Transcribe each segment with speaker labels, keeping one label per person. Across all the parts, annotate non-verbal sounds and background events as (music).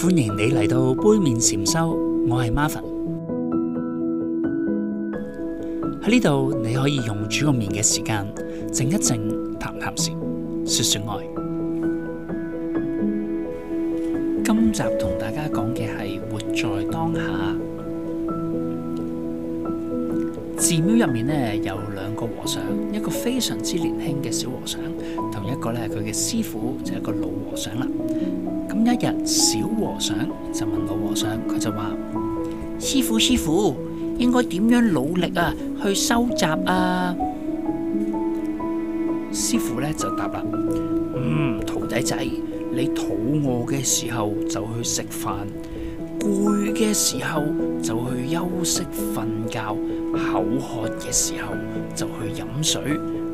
Speaker 1: 歡迎你嚟到杯麵禪修，我係 Marvin。喺呢度你可以用煮個麵嘅時間靜一靜，談談事，說說愛。今集同大家講嘅係活在當下。寺廟入面呢，有兩個和尚，一個非常之年輕嘅小和尚，同一個呢，佢嘅師傅就係一個老和尚啦。咁一日，小和尚就問老和尚，佢就話、嗯：師傅，師傅，應該點樣努力啊？去收集啊！師傅呢就答啦：嗯，徒弟仔，你肚餓嘅時候就去食飯。攰嘅時候就去休息瞓覺，口渴嘅時候就去飲水，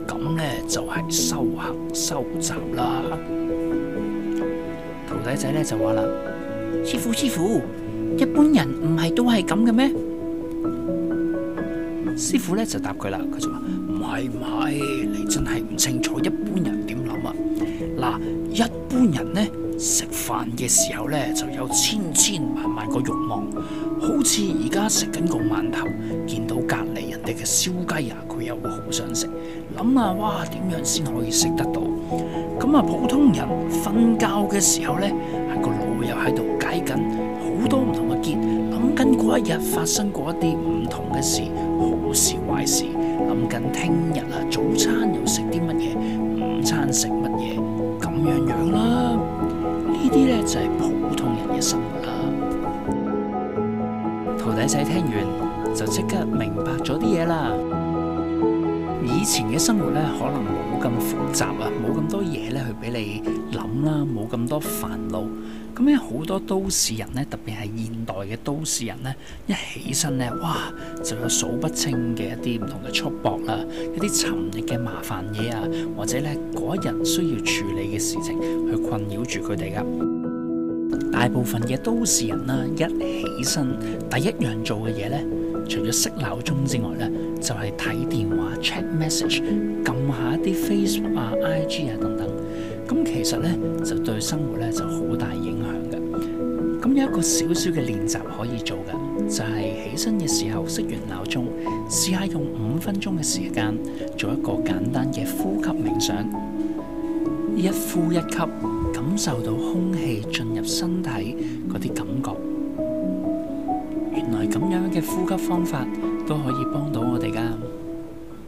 Speaker 1: 咁呢就係修行修習啦。徒弟仔呢就話啦：師傅，師傅，一般人唔係都係咁嘅咩？師傅呢就答佢啦，佢就話：唔係唔係，你真係唔清楚一般人點諗啊？嗱，一般人呢？食飯嘅時候呢，就有千千萬萬個欲望，好似而家食緊個饅頭，見到隔籬人哋嘅燒雞啊，佢又會好想食，諗下、啊，哇，點樣先可以食得到？咁啊，普通人瞓覺嘅時候呢，個腦又喺度解緊好多唔同嘅結，諗緊嗰一日發生過一啲唔同嘅事，好事壞事，諗緊聽日啊早餐又食生活啦，徒弟仔聽完就即刻明白咗啲嘢啦。以前嘅生活咧，可能冇咁複雜啊，冇咁多嘢咧去俾你諗啦，冇咁多煩惱。咁樣，好多都市人咧，特別係現代嘅都市人咧，一起身咧，哇，就有數不清嘅一啲唔同嘅束縛啦，一啲沉溺嘅麻煩嘢啊，或者咧嗰一日需要處理嘅事情，去困擾住佢哋噶。大部分嘅都市人啦、啊，一起身第一樣做嘅嘢呢，除咗熄鬧鐘之外呢，就係、是、睇電話、check message、撳 (music) 下一啲 Facebook 啊、IG 啊等等。咁其實呢，就對生活呢就好大影響嘅。咁有一個少少嘅練習可以做嘅，就係、是、起身嘅時候熄完鬧鐘，試下用五分鐘嘅時間做一個簡單嘅呼吸冥想，一呼一吸。感受到空氣進入身體嗰啲感覺，原來咁樣嘅呼吸方法都可以幫到我哋㗎。